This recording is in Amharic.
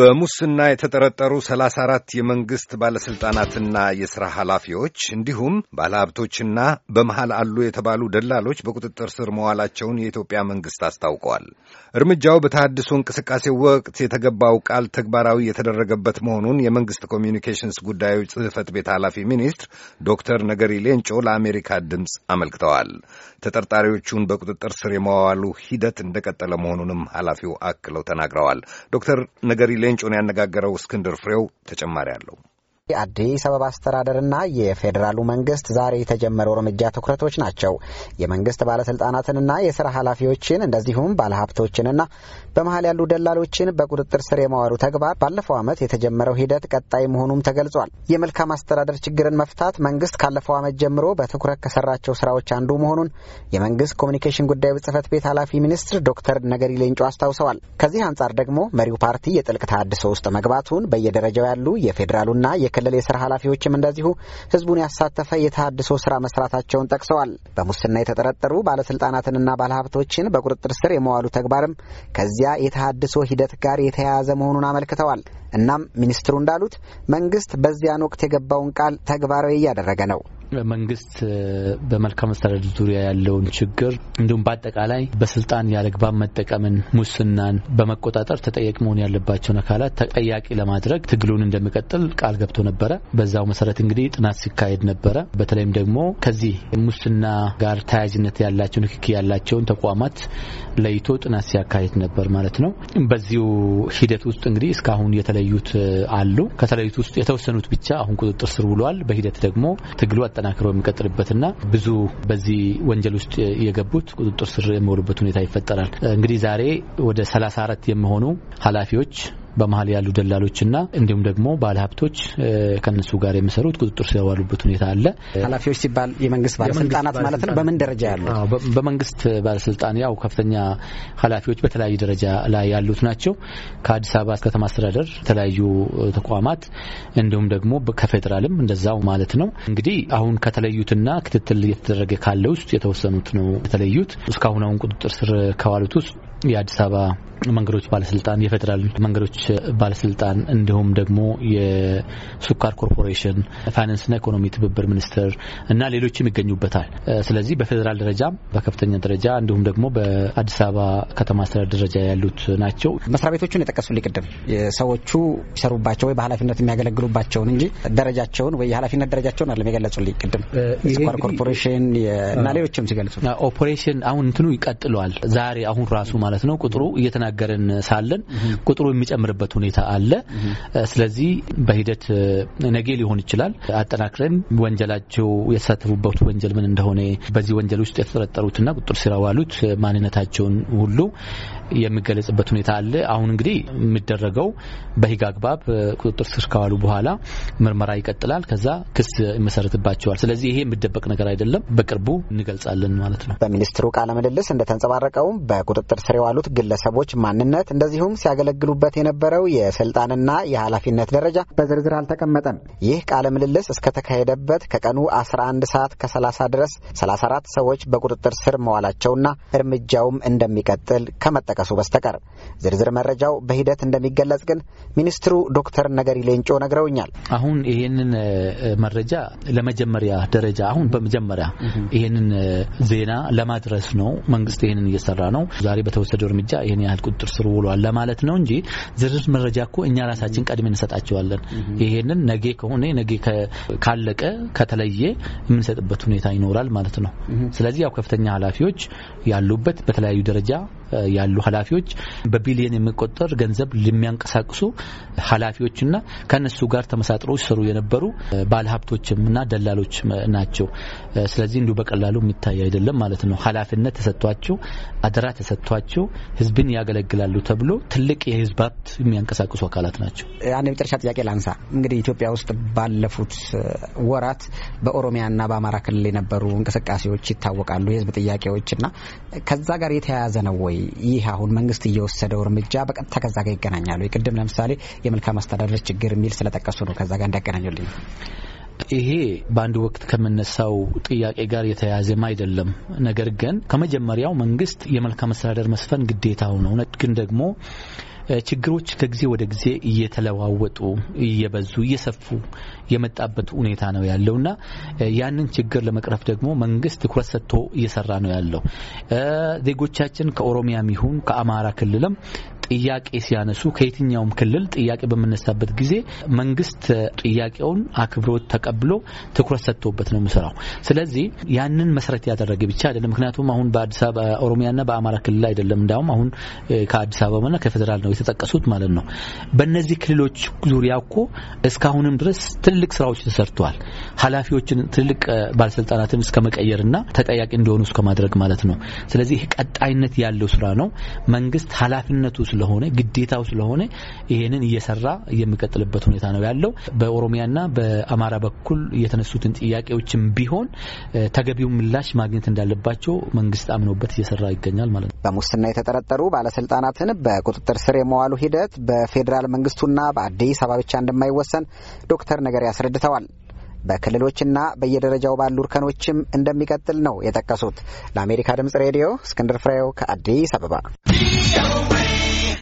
በሙስና የተጠረጠሩ 34 የመንግሥት ባለሥልጣናትና የሥራ ኃላፊዎች እንዲሁም ባለሀብቶችና በመሃል አሉ የተባሉ ደላሎች በቁጥጥር ስር መዋላቸውን የኢትዮጵያ መንግሥት አስታውቀዋል። እርምጃው በተሃድሶ እንቅስቃሴ ወቅት የተገባው ቃል ተግባራዊ የተደረገበት መሆኑን የመንግሥት ኮሚዩኒኬሽንስ ጉዳዮች ጽሕፈት ቤት ኃላፊ ሚኒስትር ዶክተር ነገሪ ሌንጮ ለአሜሪካ ድምፅ አመልክተዋል። ተጠርጣሪዎቹን በቁጥጥር ስር የመዋሉ ሂደት እንደቀጠለ መሆኑንም ኃላፊው አክለው ተናግረዋል። ዶክተር ነገሪ ሬንጮን ያነጋገረው እስክንድር ፍሬው ተጨማሪ አለው። የአዲስ አበባ አስተዳደርና የፌዴራሉ መንግስት ዛሬ የተጀመረው እርምጃ ትኩረቶች ናቸው። የመንግስት ባለስልጣናትንና የስራ ኃላፊዎችን እንደዚሁም ባለሀብቶችንና በመሀል ያሉ ደላሎችን በቁጥጥር ስር የማዋሉ ተግባር ባለፈው ዓመት የተጀመረው ሂደት ቀጣይ መሆኑም ተገልጿል። የመልካም አስተዳደር ችግርን መፍታት መንግስት ካለፈው ዓመት ጀምሮ በትኩረት ከሰራቸው ስራዎች አንዱ መሆኑን የመንግስት ኮሚኒኬሽን ጉዳዩ ጽህፈት ቤት ኃላፊ ሚኒስትር ዶክተር ነገሪ ሌንጮ አስታውሰዋል። ከዚህ አንጻር ደግሞ መሪው ፓርቲ የጥልቅ ተሃድሶ ውስጥ መግባቱን በየደረጃው ያሉ የፌዴራሉና የክልል የስራ ኃላፊዎችም እንደዚሁ ህዝቡን ያሳተፈ የተሃድሶ ስራ መስራታቸውን ጠቅሰዋል። በሙስና የተጠረጠሩ ባለስልጣናትንና ባለሀብቶችን በቁጥጥር ስር የመዋሉ ተግባርም ከዚያ የተሃድሶ ሂደት ጋር የተያያዘ መሆኑን አመልክተዋል። እናም ሚኒስትሩ እንዳሉት መንግስት በዚያን ወቅት የገባውን ቃል ተግባራዊ እያደረገ ነው። መንግስት በመልካም አስተዳደር ዙሪያ ያለውን ችግር እንዲሁም በአጠቃላይ በስልጣን ያለግባብ መጠቀምን፣ ሙስናን በመቆጣጠር ተጠያቂ መሆን ያለባቸውን አካላት ተጠያቂ ለማድረግ ትግሉን እንደሚቀጥል ቃል ገብቶ ነበረ። በዛው መሰረት እንግዲህ ጥናት ሲካሄድ ነበረ። በተለይም ደግሞ ከዚህ ሙስና ጋር ተያያዥነት ያላቸው ንክኪ ያላቸውን ተቋማት ለይቶ ጥናት ሲያካሄድ ነበር ማለት ነው። በዚሁ ሂደት ውስጥ እንግዲህ እስካሁን የተለዩት አሉ። ከተለዩት ውስጥ የተወሰኑት ብቻ አሁን ቁጥጥር ስር ውሏል። በሂደት ደግሞ ትግሉ ተጠናክሮ የሚቀጥልበትና ብዙ በዚህ ወንጀል ውስጥ የገቡት ቁጥጥር ስር የሚውሉበት ሁኔታ ይፈጠራል። እንግዲህ ዛሬ ወደ 34 የሚሆኑ ኃላፊዎች በመሀል ያሉ ደላሎችና እንዲሁም ደግሞ ባለሀብቶች ከነሱ ጋር የሚሰሩት ቁጥጥር ስር የዋሉበት ሁኔታ አለ። ኃላፊዎች ሲባል የመንግስት ባለስልጣናት ማለት ነው። በምን ደረጃ ያሉ? በመንግስት ባለስልጣን ያው ከፍተኛ ኃላፊዎች በተለያዩ ደረጃ ላይ ያሉት ናቸው። ከአዲስ አበባ ከተማ አስተዳደር የተለያዩ ተቋማት እንዲሁም ደግሞ ከፌዴራልም እንደዛው ማለት ነው። እንግዲህ አሁን ከተለዩትና ክትትል እየተደረገ ካለ ውስጥ የተወሰኑት ነው የተለዩት። እስካሁን አሁን ቁጥጥር ስር ከዋሉት ውስጥ የአዲስ አበባ መንገዶች ባለስልጣን፣ የፌዴራል መንገዶች ባለስልጣን እንዲሁም ደግሞ የስኳር ኮርፖሬሽን፣ ፋይናንስና ኢኮኖሚ ትብብር ሚኒስትር እና ሌሎችም ይገኙበታል። ስለዚህ በፌዴራል ደረጃ በከፍተኛ ደረጃ እንዲሁም ደግሞ በአዲስ አበባ ከተማ አስተዳደር ደረጃ ያሉት ናቸው። መስሪያ ቤቶቹን የጠቀሱልኝ ቅድም ሰዎቹ ይሰሩባቸው ወይ በኃላፊነት የሚያገለግሉባቸውን እንጂ ደረጃቸውን ወይ የኃላፊነት ደረጃቸውን አለም የገለጹልኝ ቅድም ስኳር ኮርፖሬሽን እና ሌሎችም ሲገልጹ ኦፕሬሽን አሁን እንትኑ ይቀጥለዋል። ዛሬ አሁን ራሱ ማለት ማለት ነው። ቁጥሩ እየተናገረን ሳለን ቁጥሩ የሚጨምርበት ሁኔታ አለ። ስለዚህ በሂደት ነገ ሊሆን ይችላል አጠናክረን ወንጀላቸው የተሳተፉበት ወንጀል ምን እንደሆነ በዚህ ወንጀል ውስጥ የተጠረጠሩትና ቁጥር ስር ማንነታቸውን ሁሉ የሚገለጽበት ሁኔታ አለ። አሁን እንግዲህ የሚደረገው በህግ አግባብ ቁጥጥር ስር ከዋሉ በኋላ ምርመራ ይቀጥላል። ከዛ ክስ ይመሰረትባቸዋል። ስለዚህ ይሄ የሚደበቅ ነገር አይደለም። በቅርቡ እንገልጻለን ማለት ነው። በሚኒስትሩ ቃለ ምልልስ እንደተንጸባረቀውም በቁጥጥር ስር የዋሉት ግለሰቦች ማንነት እንደዚሁም ሲያገለግሉበት የነበረው የስልጣንና የኃላፊነት ደረጃ በዝርዝር አልተቀመጠም። ይህ ቃለ ምልልስ እስከተካሄደበት ከቀኑ 11 ሰዓት ከ30 ድረስ 34 ሰዎች በቁጥጥር ስር መዋላቸውና እርምጃውም እንደሚቀጥል ከመጠቀሱ በስተቀር ዝርዝር መረጃው በሂደት እንደሚገለጽ ግን ሚኒስትሩ ዶክተር ነገሪ ሌንጮ ነግረውኛል። አሁን ይህንን መረጃ ለመጀመሪያ ደረጃ አሁን በመጀመሪያ ይህንን ዜና ለማድረስ ነው መንግስት ይህንን እየሰራ ነው። ዛሬ በተወሰነ የተወሰደው እርምጃ ይህን ያህል ቁጥር ስር ውሏል ለማለት ነው እንጂ ዝርዝር መረጃ እኮ እኛ ራሳችን ቀድሜ እንሰጣቸዋለን። ይሄንን ነገ ከሆነ ነገ ካለቀ ከተለየ የምንሰጥበት ሁኔታ ይኖራል ማለት ነው። ስለዚህ ያው ከፍተኛ ኃላፊዎች ያሉበት በተለያዩ ደረጃ ያሉ ኃላፊዎች በቢሊየን የሚቆጠር ገንዘብ ለሚያንቀሳቅሱ ኃላፊዎችና ከነሱ ጋር ተመሳጥረው ሲሰሩ የነበሩ ባለሀብቶችም እና ደላሎች ናቸው። ስለዚህ እንዲሁ በቀላሉ የሚታይ አይደለም ማለት ነው። ኃላፊነት ተሰጥቷቸው አደራ ተሰጥቷቸው ህዝብን ያገለግላሉ ተብሎ ትልቅ የህዝብ ሀብት የሚያንቀሳቅሱ አካላት ናቸው። አንድ የመጨረሻ ጥያቄ ላንሳ። እንግዲህ ኢትዮጵያ ውስጥ ባለፉት ወራት በኦሮሚያና በአማራ ክልል የነበሩ እንቅስቃሴዎች ይታወቃሉ። የህዝብ ጥያቄዎችና ከዛ ጋር የተያያዘ ነው ወይ ይህ አሁን መንግስት እየወሰደው እርምጃ በቀጥታ ከዛ ጋር ይገናኛሉ? የቅድም ለምሳሌ የመልካም አስተዳደር ችግር የሚል ስለጠቀሱ ነው። ከዛ ጋር እንዲያገናኙልኝ። ይሄ በአንድ ወቅት ከምነሳው ጥያቄ ጋር የተያያዘም አይደለም። ነገር ግን ከመጀመሪያው መንግስት የመልካም አስተዳደር መስፈን ግዴታው ነው። ግን ደግሞ ችግሮች ከጊዜ ወደ ጊዜ እየተለዋወጡ እየበዙ እየሰፉ የመጣበት ሁኔታ ነው እና ያንን ችግር ለመቅረፍ ደግሞ መንግስት ትኩረት ሰጥቶ እየሰራ ነው ያለው። ዜጎቻችን ከኦሮሚያም ይሁን ከአማራ ክልልም ጥያቄ ሲያነሱ ከየትኛውም ክልል ጥያቄ በምነሳበት ጊዜ መንግስት ጥያቄውን አክብሮት ተቀብሎ ትኩረት ሰጥቶበት ነው የሚሰራው። ስለዚህ ያንን መሰረት ያደረገ ብቻ አይደለም። ምክንያቱም አሁን በአዲስ አበባ ኦሮሚያና በአማራ ክልል አይደለም፣ እንዳውም አሁን ከአዲስ አበባና ከፌዴራል ነው የተጠቀሱት ማለት ነው። በእነዚህ ክልሎች ዙሪያ እኮ እስካሁንም ድረስ ትልቅ ስራዎች ተሰርተዋል። ኃላፊዎችን ትልቅ ባለስልጣናትን እስከ መቀየርና ተጠያቂ እንዲሆኑ እስከ ማድረግ ማለት ነው። ስለዚህ ቀጣይነት ያለው ስራ ነው። መንግስት ኃላፊነቱ ስለ ስለሆነ ግዴታው ስለሆነ ይሄንን እየሰራ የሚቀጥልበት ሁኔታ ነው ያለው። በኦሮሚያና በአማራ በኩል የተነሱትን ጥያቄዎችም ቢሆን ተገቢው ምላሽ ማግኘት እንዳለባቸው መንግስት አምኖበት እየሰራ ይገኛል ማለት ነው። በሙስና የተጠረጠሩ ባለስልጣናትን በቁጥጥር ስር የመዋሉ ሂደት በፌዴራል መንግስቱና በአዲስ አበባ ብቻ እንደማይወሰን ዶክተር ነገር ያስረድተዋል። በክልሎችና በየደረጃው ባሉ እርከኖችም እንደሚቀጥል ነው የጠቀሱት። ለአሜሪካ ድምጽ ሬዲዮ እስክንድር ፍሬው ከአዲስ አበባ